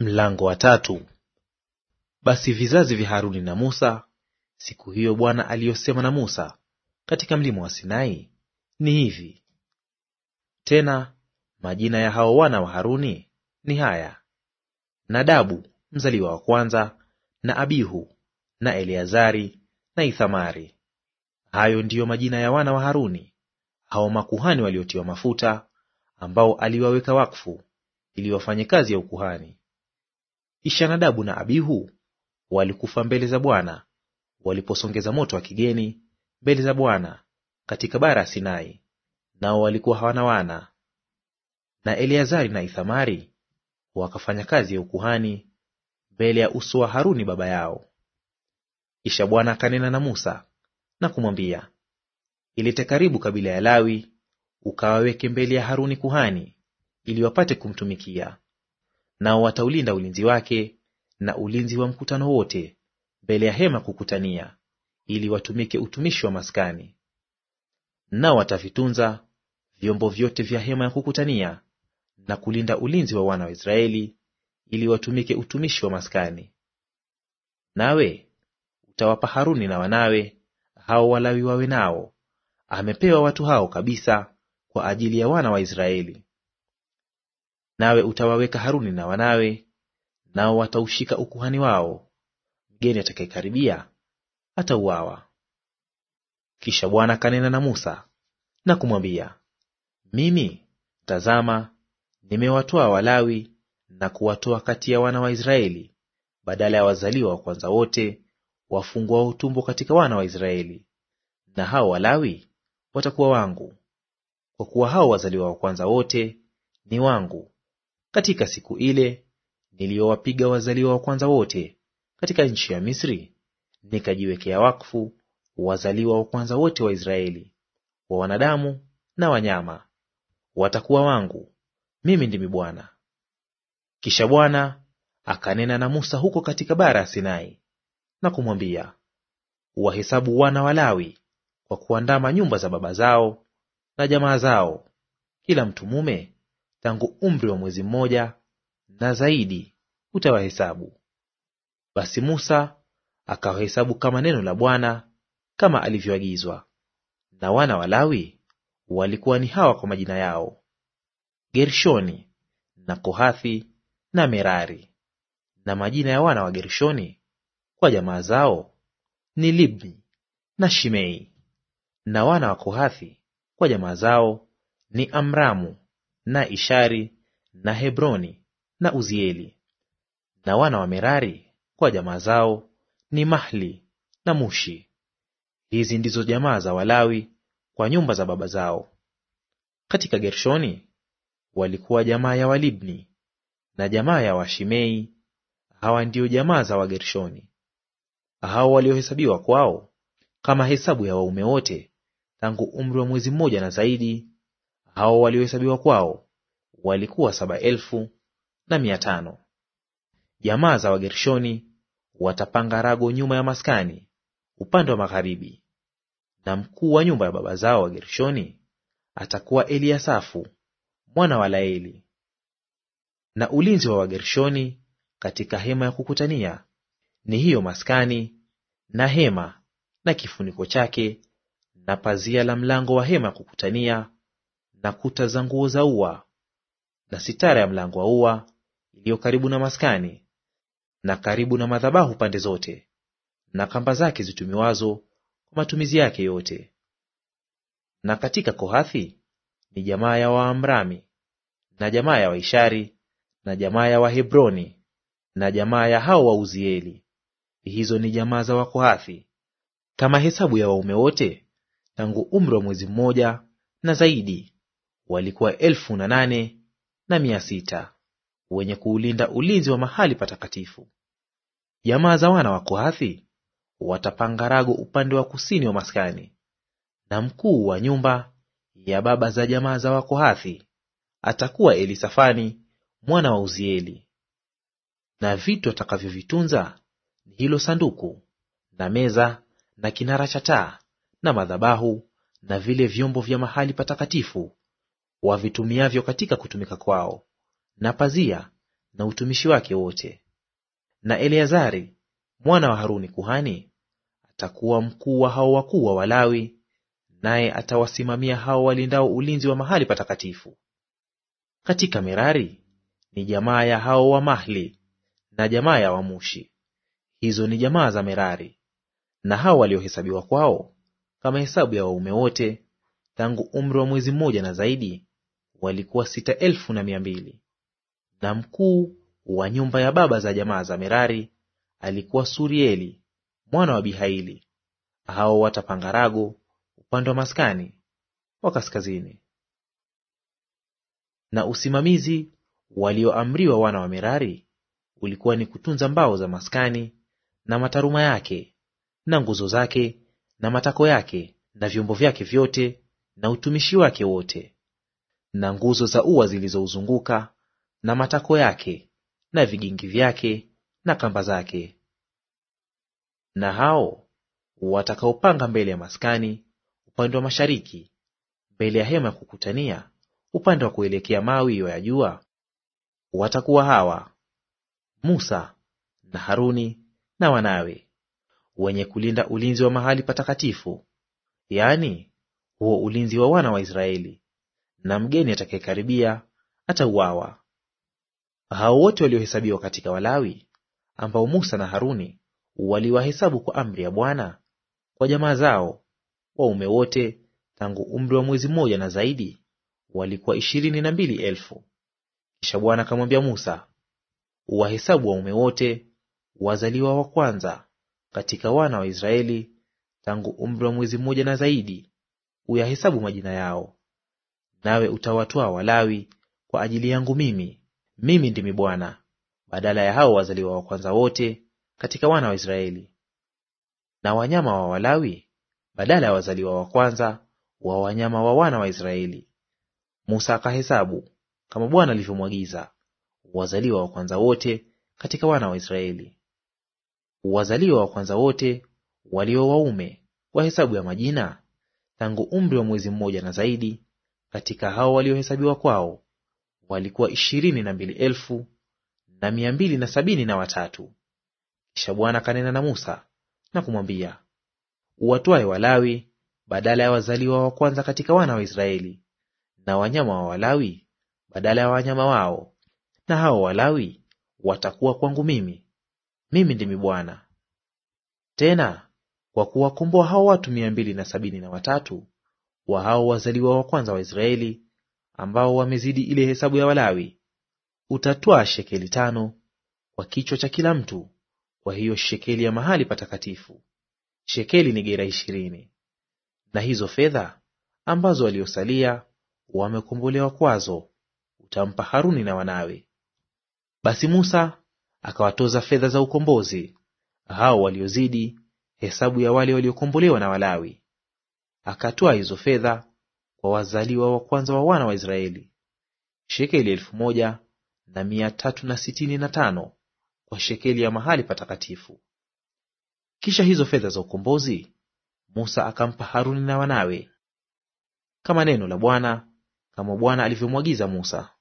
Mlango wa tatu. Basi vizazi vya Haruni na Musa siku hiyo Bwana aliyosema na Musa katika mlima wa Sinai ni hivi. Tena majina ya hao wana wa Haruni ni haya: Nadabu mzaliwa wa kwanza, na Abihu na Eleazari na Ithamari. Hayo ndiyo majina ya wana wa Haruni, hao makuhani waliotiwa mafuta, ambao aliwaweka wakfu ili wafanye kazi ya ukuhani. Ishanadabu na Abihu walikufa mbele za Bwana waliposongeza moto wa kigeni mbele za Bwana katika bara ya Sinai, nao walikuwa hawana wana. Na Eleazari na Ithamari wakafanya kazi ya ukuhani mbele ya uso wa Haruni baba yao. Kisha Bwana akanena na Musa na kumwambia, ilete karibu kabila ya Lawi ukawaweke mbele ya Haruni kuhani, ili wapate kumtumikia nao wataulinda ulinzi wake na ulinzi wa mkutano wote mbele ya hema kukutania, ili watumike utumishi wa maskani. Nao watavitunza vyombo vyote vya hema ya kukutania na kulinda ulinzi wa wana wa Israeli, ili watumike utumishi wa maskani. Nawe utawapa Haruni na wanawe hao Walawi wawe nao; amepewa watu hao kabisa kwa ajili ya wana wa Israeli. Nawe utawaweka Haruni na wanawe, nao wataushika ukuhani wao; mgeni atakayekaribia atauawa. Kisha Bwana kanena na Musa na kumwambia, Mimi, tazama, nimewatoa Walawi na kuwatoa kati ya wana wa Israeli badala ya wazaliwa wa kwanza wote wafungwao utumbo katika wana wa Israeli, na hao Walawi watakuwa wangu, kwa kuwa hao wazaliwa wa kwanza wote ni wangu, katika siku ile niliyowapiga wazaliwa wa kwanza wote katika nchi ya Misri, nikajiwekea wakfu wazaliwa wa kwanza wote wa Israeli, wa wanadamu na wanyama; watakuwa wangu. Mimi ndimi Bwana. Kisha Bwana akanena na Musa huko katika bara ya Sinai na kumwambia, wahesabu wana wa Lawi kwa kuandama nyumba za baba zao na jamaa zao, kila mtu mume tangu umri wa mwezi mmoja na zaidi utawahesabu. Basi Musa akawahesabu kama neno la Bwana kama alivyoagizwa. Na wana wa Lawi walikuwa ni hawa kwa majina yao: Gershoni na Kohathi na Merari. Na majina ya wana wa Gershoni kwa jamaa zao ni Libni na Shimei. Na wana wa Kohathi kwa jamaa zao ni Amramu na Ishari na Hebroni na Uzieli. Na wana wa Merari kwa jamaa zao ni Mahli na Mushi. Hizi ndizo jamaa za Walawi kwa nyumba za baba zao. Katika Gershoni walikuwa jamaa ya Walibni na jamaa ya Washimei. Hawa ndio jamaa za Wagershoni. Hao waliohesabiwa kwao kama hesabu ya waume wote tangu umri wa mwezi mmoja na zaidi hao waliohesabiwa kwao walikuwa saba elfu na mia tano. Jamaa za Wagershoni watapanga rago nyuma ya maskani upande wa magharibi, na mkuu wa nyumba ya baba zao Wagershoni atakuwa Eliasafu mwana wa Laeli. Na ulinzi wa Wagershoni katika hema ya kukutania ni hiyo maskani na hema na kifuniko chake na pazia la mlango wa hema ya kukutania na kuta za nguo za ua na sitara ya mlango wa ua iliyo karibu na maskani na karibu na madhabahu pande zote, na kamba zake zitumiwazo kwa matumizi yake yote. Na katika Kohathi ni jamaa ya Waamrami na jamaa ya Waishari na jamaa ya Wahebroni na jamaa ya hao wa Uzieli. Hizo ni jamaa za Wakohathi kama hesabu ya waume wote tangu umri wa mwezi mmoja na zaidi walikuwa elfu na nane na mia sita wenye kuulinda ulinzi wa mahali patakatifu. Jamaa za wana wa Kohathi watapanga rago upande wa kusini wa maskani, na mkuu wa nyumba ya baba za jamaa za Wakohathi atakuwa Elisafani mwana wa Uzieli. Na vitu atakavyovitunza ni hilo sanduku na meza na kinara cha taa na madhabahu na vile vyombo vya mahali patakatifu wavitumiavyo katika kutumika kwao, na pazia na utumishi wake wote. Na Eleazari mwana wa Haruni kuhani atakuwa mkuu wa hao wakuu wa Walawi, naye atawasimamia hao walindao ulinzi wa mahali patakatifu. Katika Merari ni jamaa ya hao wa Mahli na jamaa ya Wamushi; hizo ni jamaa za Merari. Na hao waliohesabiwa kwao kama hesabu ya waume wote tangu umri wa mwezi mmoja na zaidi walikuwa sita elfu na mia mbili na mkuu wa nyumba ya baba za jamaa za Merari alikuwa Surieli mwana wa Bihaili. Hao watapanga rago upande wa maskani wa kaskazini. Na usimamizi walioamriwa wana wa Merari ulikuwa ni kutunza mbao za maskani na mataruma yake na nguzo zake na matako yake na vyombo vyake vyote na utumishi wake wote na nguzo za ua zilizouzunguka na matako yake na vigingi vyake na kamba zake. Na hao watakaopanga mbele ya maskani upande wa mashariki, mbele ya hema ya kukutania upande wa kuelekea mawio ya jua, watakuwa hawa: Musa na Haruni na wanawe, wenye kulinda ulinzi wa mahali patakatifu, yaani huo ulinzi wa wana wa Israeli na mgeni atakayekaribia atauawa. Hao wote waliohesabiwa katika Walawi ambao Musa na Haruni waliwahesabu kwa amri ya Bwana kwa jamaa zao, waume wote tangu umri wa mwezi mmoja na zaidi walikuwa ishirini na mbili elfu. Kisha Bwana akamwambia Musa, uwahesabu waume wote wazaliwa wa kwanza katika wana wa Israeli tangu umri wa mwezi mmoja na zaidi, uyahesabu majina yao, nawe utawatoa Walawi kwa ajili yangu mimi. Mimi ndimi Bwana, badala ya hao wazaliwa wa kwanza wote katika wana wa Israeli. Na wanyama wa Walawi badala ya wazaliwa wa kwanza wa wanyama wa wana wa Israeli. Musa akahesabu kama Bwana alivyomwagiza wazaliwa wa kwanza wote katika wana wa Israeli. Wazaliwa wa kwanza wote walio waume kwa hesabu ya majina tangu umri wa mwezi mmoja na zaidi katika hao waliohesabiwa kwao walikuwa ishirini na mbili elfu na mia mbili na sabini na watatu. Kisha Bwana akanena na Musa na kumwambia, uwatwae Walawi badala ya wazaliwa wa kwanza katika wana wa Israeli, na wanyama wa Walawi badala ya wanyama wao, na hao Walawi watakuwa kwangu mimi. Mimi ndimi Bwana. Tena kwa kuwakomboa hao watu mia mbili na sabini na watatu wa hao wazaliwa wa kwanza wa Israeli ambao wamezidi ile hesabu ya Walawi, utatwaa shekeli tano kwa kichwa cha kila mtu kwa hiyo shekeli ya mahali patakatifu. Shekeli ni gera ishirini. Na hizo fedha ambazo waliosalia wamekombolewa kwazo utampa Haruni na wanawe. Basi Musa akawatoza fedha za ukombozi hao waliozidi hesabu ya wale waliokombolewa na Walawi, akatoa hizo fedha kwa wazaliwa wa kwanza wa wana wa Israeli, shekeli elfu moja na mia tatu na sitini na tano kwa shekeli ya mahali patakatifu. Kisha hizo fedha za ukombozi Musa akampa Haruni na wanawe, kama neno la Bwana, kama Bwana alivyomwagiza Musa.